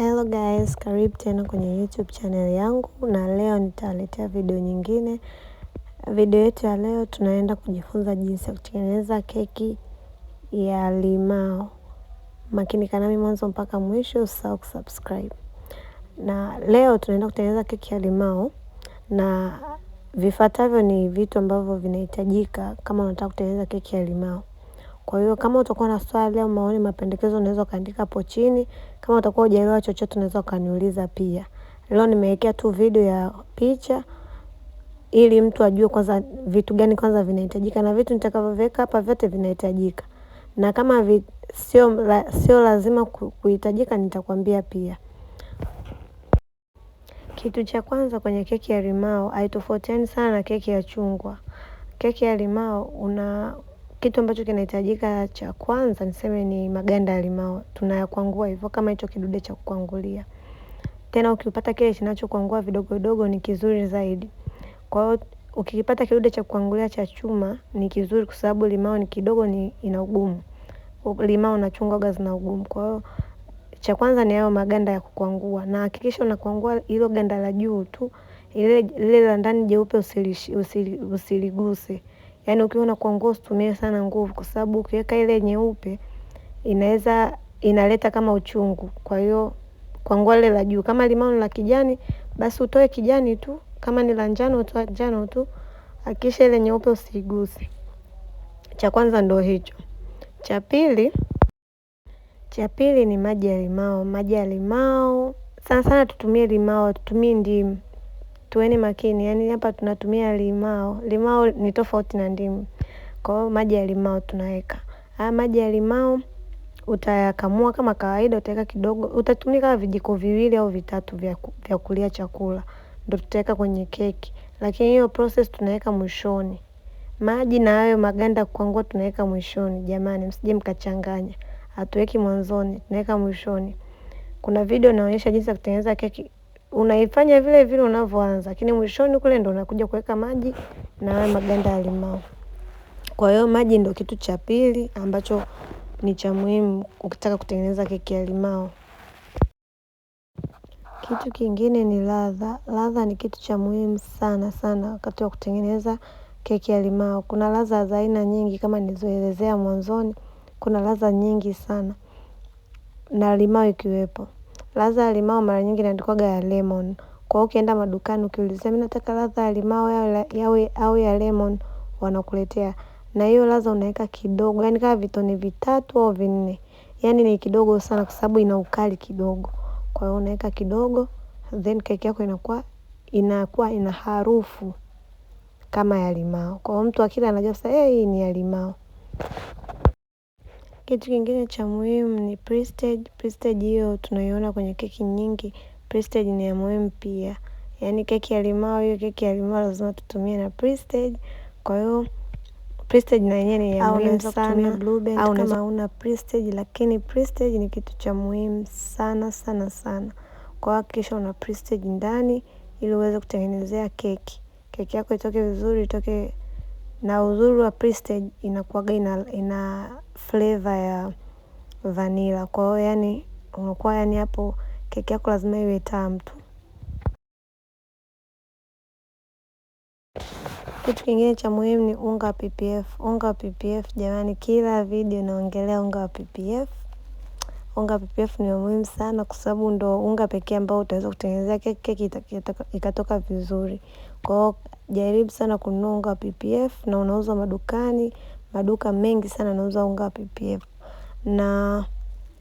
Hello guys, karibu tena kwenye YouTube channel yangu na leo nitaletea video nyingine. Video yetu ya leo tunaenda kujifunza jinsi ya kutengeneza keki ya limao. makini kanami mwanzo mpaka mwisho, usisahau kusubscribe. Na leo tunaenda kutengeneza keki ya limao na vifuatavyo ni vitu ambavyo vinahitajika kama unataka kutengeneza keki ya limao. Kwa hiyo kama utakuwa na swali au maoni, mapendekezo unaweza ukaandika hapo chini. Kama utakuwa hujaelewa chochote unaweza ukaniuliza pia. Leo nimewekea tu video ya picha ili mtu ajue kwanza vitu gani kwanza vinahitajika na vitu nitakavyoweka hapa vyote vinahitajika. Na kama vi, sio sio lazima kuhitajika nitakwambia pia. Kitu cha kwanza kwenye keki ya limao haitofautiani sana na keki ya chungwa. Keki ya limao una kitu ambacho kinahitajika cha kwanza niseme ni maganda ya limao tunayakwangua hivyo kama hicho kidude cha kukwangulia. Tena ukipata kile kinachokwangua vidogo vidogo ni kizuri zaidi. Kwa hiyo ukipata kidude cha kukwangulia cha chuma ni kizuri kwa sababu limao ni kidogo ni ina ugumu. Limao na chungwa huwaga zina ugumu kwa hiyo cha kwanza ni hayo maganda ya kukwangua na hakikisha unakwangua hilo ganda la juu tu lile la ndani jeupe usiliguse yani ukiona kwa nguo usitumie sana nguvu, kwa sababu ukiweka ile nyeupe inaweza inaleta kama uchungu. Kwa hiyo kwa nguo ile la juu, kama limao la kijani basi utoe kijani tu, kama ni la njano utoe njano tu, akisha ile nyeupe usiiguse. Cha kwanza ndo hicho. Cha pili, cha pili ni maji ya limao. Maji ya limao sana sana tutumie limao, tutumie ndimu tuweni makini, yani hapa tunatumia limao. Limao ni tofauti na ndimu, kwa hiyo maji ya limao tunaweka. Haya maji ya limao utayakamua kama kawaida, utaweka kidogo, utatumia kama vijiko viwili au vitatu vya, vya kulia chakula, ndo tutaweka kwenye keki, lakini hiyo process tunaweka mwishoni. Maji na hayo maganda kuangua tunaweka mwishoni. Jamani, msije mkachanganya, hatuweki mwanzoni, tunaweka mwishoni. Kuna video inaonyesha jinsi ya kutengeneza keki unaifanya vile vile unavyoanza, lakini mwishoni kule ndo unakuja kuweka maji na haya maganda ya limao. Kwa hiyo maji ndo kitu cha pili ambacho ni cha muhimu ukitaka kutengeneza keki ya limao. Kitu kingine ni ladha. Ladha ni kitu cha muhimu sana sana wakati wa kutengeneza keki ya limao. Kuna ladha za aina nyingi kama nilizoelezea mwanzoni, kuna ladha nyingi sana na limao ikiwepo ladha ya limao mara nyingi inaandikwaga ya lemon. Kwa hiyo ukienda madukani ukiulizia mimi nataka ladha ya limao yawe au ya lemon wanakuletea. Na hiyo ladha unaweka kidogo, yani kama vitone vitatu au vinne. Yaani ni kidogo sana kwa sababu ina ukali kidogo. Kwa hiyo unaweka kidogo, then keki yako inakuwa inakuwa ina harufu kama ya limao. Kwa hiyo mtu akila anajua sasa eh, hii ni ya limao. Kitu kingine cha muhimu ni prestige, prestige hiyo tunaiona kwenye keki nyingi, prestige ni ya muhimu pia. Yaani keki ya limao hiyo keki ya limao lazima tutumie na prestige. Kwa hiyo prestige na yenyewe ni ya muhimu sana au kama una prestige lakini prestige ni kitu cha muhimu sana sana sana. Kwa hakikisha una prestige ndani ili uweze kutengenezea keki. Keki yako itoke vizuri itoke na uzuri wa Prestige inakuwaga ina, ina flavor ya vanilla. Kwa hiyo yani unakuwa yani hapo keki yako lazima iwe tamu tu. Kitu kingine cha muhimu ni unga wa PPF. Unga wa PPF jamani, kila video inaongelea unga wa PPF unga PPF ni muhimu sana kwa sababu ndo unga pekee ambao utaweza kutengenezea keki ikatoka vizuri. Kwa hiyo jaribu sana kununua unga wa PPF na unauzwa madukani, maduka mengi sana yanauza unga wa PPF. Na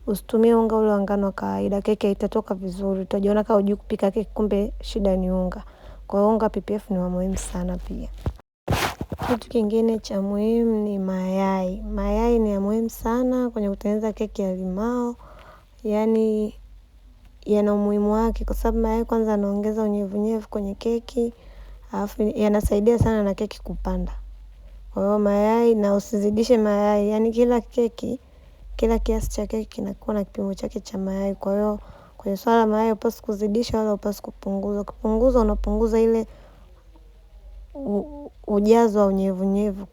usitumie unga ule wa ngano wa kawaida, keki haitatoka vizuri, utajiona kama hujui kupika keki kumbe shida ni unga. Kwa hiyo unga PPF ni wa muhimu sana pia. Kitu kingine cha muhimu ni mayai. Mayai ni ya muhimu sana kwenye kutengeneza keki ya limao. Yaani yana umuhimu wake kwa sababu mayai kwanza yanaongeza unyevunyevu kwenye keki. Alafu yanasaidia sana na keki kupanda. Kwa hiyo mayai na usizidishe mayai. Yaani kila keki, kila kiasi cha keki kinakuwa na kipimo chake cha mayai. Kwa hiyo kwenye swala la mayai upasi kuzidisha wala upasi kupunguza. Ukipunguza unapunguza ile ujazo wa unyevunyevu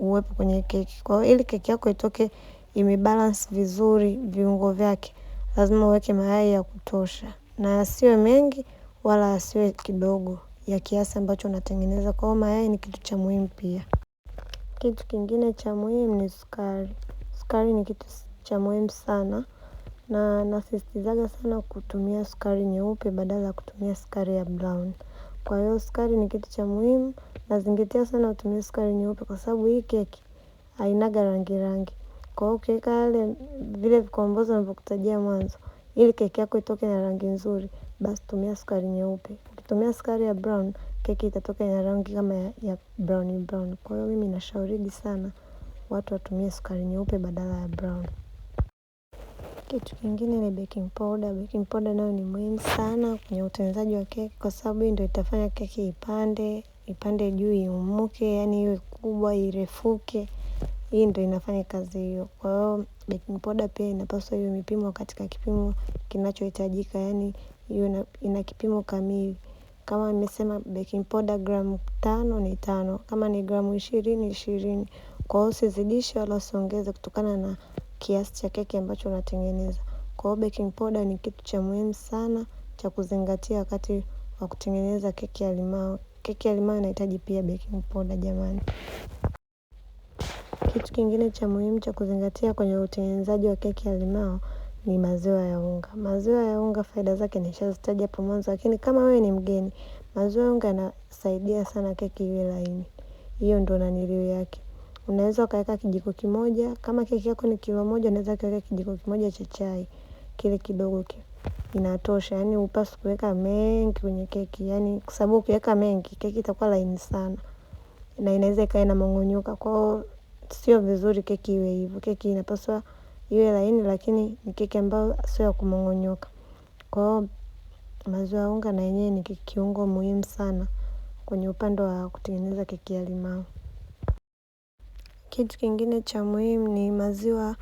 uwepo kwenye keki. Kwa hiyo ili keki yako itoke imebalance vizuri viungo vyake, lazima uweke mayai ya kutosha, na yasiwe mengi wala yasiwe kidogo, ya kiasi ambacho unatengeneza. Kwa hiyo mayai ni kitu cha muhimu pia. Kitu kingine cha muhimu ni sukari. Sukari ni kitu cha muhimu sana, na nasisitizaga sana kutumia sukari nyeupe badala ya kutumia sukari ya brown. Kwa hiyo sukari ni kitu cha muhimu, nazingatia sana utumie sukari nyeupe kwa sababu hii keki hainaga rangi rangi. Kwa hiyo ukiweka yale vile vikombozi navyokutajia mwanzo, ili keki yako itoke na rangi nzuri, basi tumia sukari nyeupe. Ukitumia sukari ya brown, keki itatoka ina rangi kama ya brown brown. Kwa hiyo mimi nashauri sana, watu watumie sukari nyeupe badala ya brown. Kitu kingine ni baking powder. Baking powder nayo ni muhimu sana kwenye utengenezaji wa keki kwa sababu ndio itafanya keki ipande, ipande juu iumuke, yani iwe kubwa, irefuke. Hii ndio inafanya kazi hiyo. Kwa hiyo baking powder pia inapaswa hiyo mipimo katika kipimo kinachohitajika, yaani iwe ina kipimo kamili. Kama nimesema baking powder gramu tano ni tano, kama ni gramu ishirini ishirini. Kwa hiyo usizidishe wala usiongeze kutokana na kiasi cha keki ambacho unatengeneza. Kwa hiyo baking powder ni kitu cha muhimu sana cha kuzingatia wakati wa kutengeneza keki ya limao. Keki ya limao inahitaji pia baking powder jamani. Kitu kingine cha muhimu cha kuzingatia kwenye utengenezaji wa keki ya limao ni maziwa ya unga. Maziwa ya unga faida zake nishazitaja hapo mwanzo, lakini kama wewe ni mgeni, maziwa ya unga yanasaidia sana keki iwe laini. Hiyo ndo nanilio yake. Unaweza ukaweka kijiko kimoja, kama keki yako ni kilo moja, unaweza ukaweka kijiko kimoja cha chai kile kidogo ki inatosha, yaani upasi kuweka mengi kwenye keki, yaani kwa sababu ukiweka mengi keki itakuwa laini sana na inaweza ikawa inamong'onyoka. Kwa sio vizuri keki iwe hivyo, keki inapaswa iwe laini, lakini ni keki ambayo sio ya kumong'onyoka. Kwa maziwa ya unga na yenyewe ni kiungo muhimu sana kwenye upande wa kutengeneza keki ya limau. Kitu kingine cha muhimu ni maziwa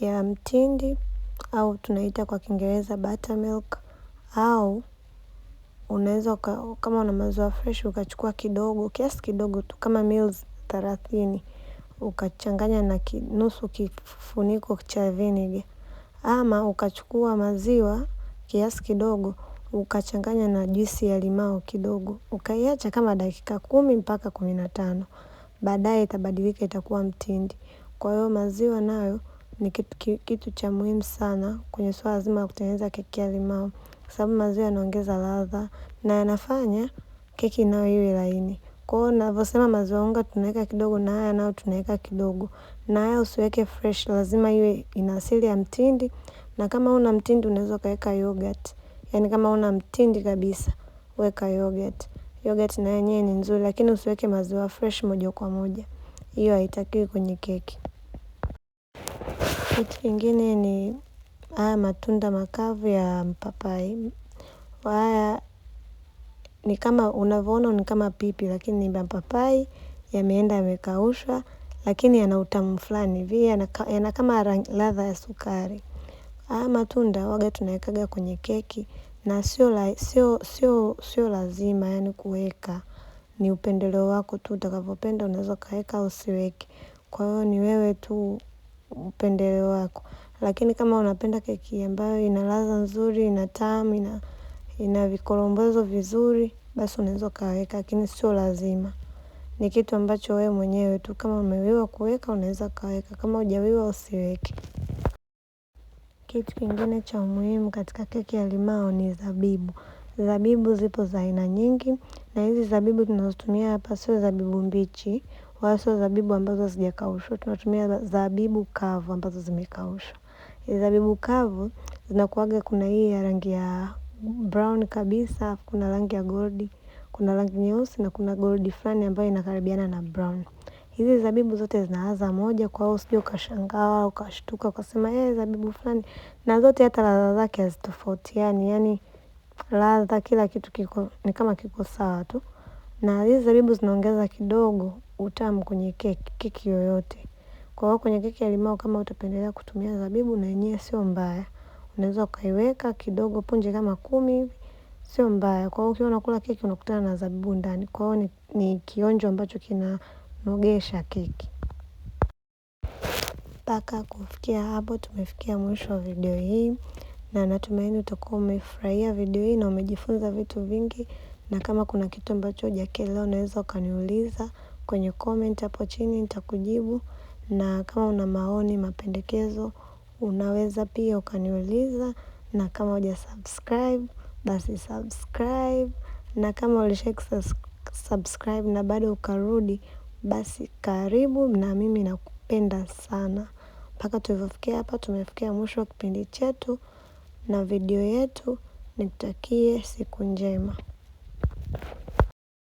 ya mtindi au tunaita kwa kiingereza buttermilk au unaweza kama una maziwa fresh ukachukua kidogo kiasi kidogo tu kama mils thelathini ukachanganya na nusu kifuniko cha vinegar ama ukachukua maziwa kiasi kidogo ukachanganya na juisi ya limao kidogo ukaiacha kama dakika kumi mpaka kumi na tano baadaye itabadilika itakuwa mtindi. Kwa hiyo maziwa nayo ni kitu cha muhimu sana kwenye swala zima la kutengeneza keki ya limao kwa sababu maziwa yanaongeza ladha na yanafanya keki nayo iwe laini. Kwa hiyo navyosema maziwa unga tunaweka kidogo na haya nayo tunaweka kidogo na haya usiweke fresh lazima iwe ina asili ya mtindi na kama una mtindi unaweza ukaweka yoghurt. yani kama una mtindi kabisa weka yoghurt. Yogurt na yenyewe ni nzuri lakini usiweke maziwa fresh moja kwa moja. Hiyo haitakiwi kwenye keki. Kitu kingine ni haya matunda makavu ya mpapai. Haya ni kama unavyoona ni kama pipi lakini ni mapapai yameenda yamekaushwa lakini yana utamu fulani hivi yana kama ladha ya sukari. Haya matunda waga tunawekaga kwenye keki na sio lazima yani kuweka ni upendeleo wako tu utakavyopenda unaweza ukaweka au usiweke. Kwa hiyo ni wewe tu upendeleo wako. Lakini kama unapenda keki ambayo ina ladha nzuri, ina tamu, ina vikorombozo vizuri, basi unaweza ukaweka lakini sio lazima. Ni kitu ambacho wewe mwenyewe tu kama umewiwa kuweka unaweza ukaweka kama hujawiwa usiweke. Kitu kingine cha umuhimu katika keki ya limao ni zabibu. Zabibu zipo za aina nyingi na hizi zabibu tunazotumia hapa sio zabibu mbichi wala sio zabibu ambazo hazijakaushwa tunatumia zabibu kavu ambazo zimekaushwa. Zabibu kavu zinakuaga kuna hii ya rangi ya brown kabisa, kuna rangi ya goldi, kuna rangi nyeusi na kuna goldi fulani ambayo inakaribiana na brown hizi zabibu zote zinaladha moja, kwa hiyo usije ukashangaa ukashtuka ukasema eh, zabibu fulani, na zote hata ladha zake hazitofautiani, yani ladha kila kitu kiko ni kama kiko sawa tu, na hizi zabibu zinaongeza kidogo utamu kwenye keki, keki yoyote. Kwa hiyo kwenye keki ya limao kama utapendelea kutumia zabibu, na yenyewe sio mbaya, unaweza ukaiweka kidogo punje kama kumi hivi, sio mbaya. Kwa hiyo ukiwa unakula keki unakutana na zabibu ndani, kwa hiyo ni kionjo ambacho kina nogesha keki. Mpaka kufikia hapo, tumefikia mwisho wa video hii, na natumaini utakuwa umefurahia video hii na umejifunza vitu vingi, na kama kuna kitu ambacho hujakielewa unaweza ukaniuliza kwenye comment hapo chini, nitakujibu. Na kama una maoni, mapendekezo, unaweza pia ukaniuliza. Na kama uja subscribe basi subscribe, na kama ulishaki subscribe na bado ukarudi basi karibu na mimi nakupenda sana. Mpaka tulivyofikia hapa tumefikia mwisho wa kipindi chetu na video yetu nikutakie siku njema.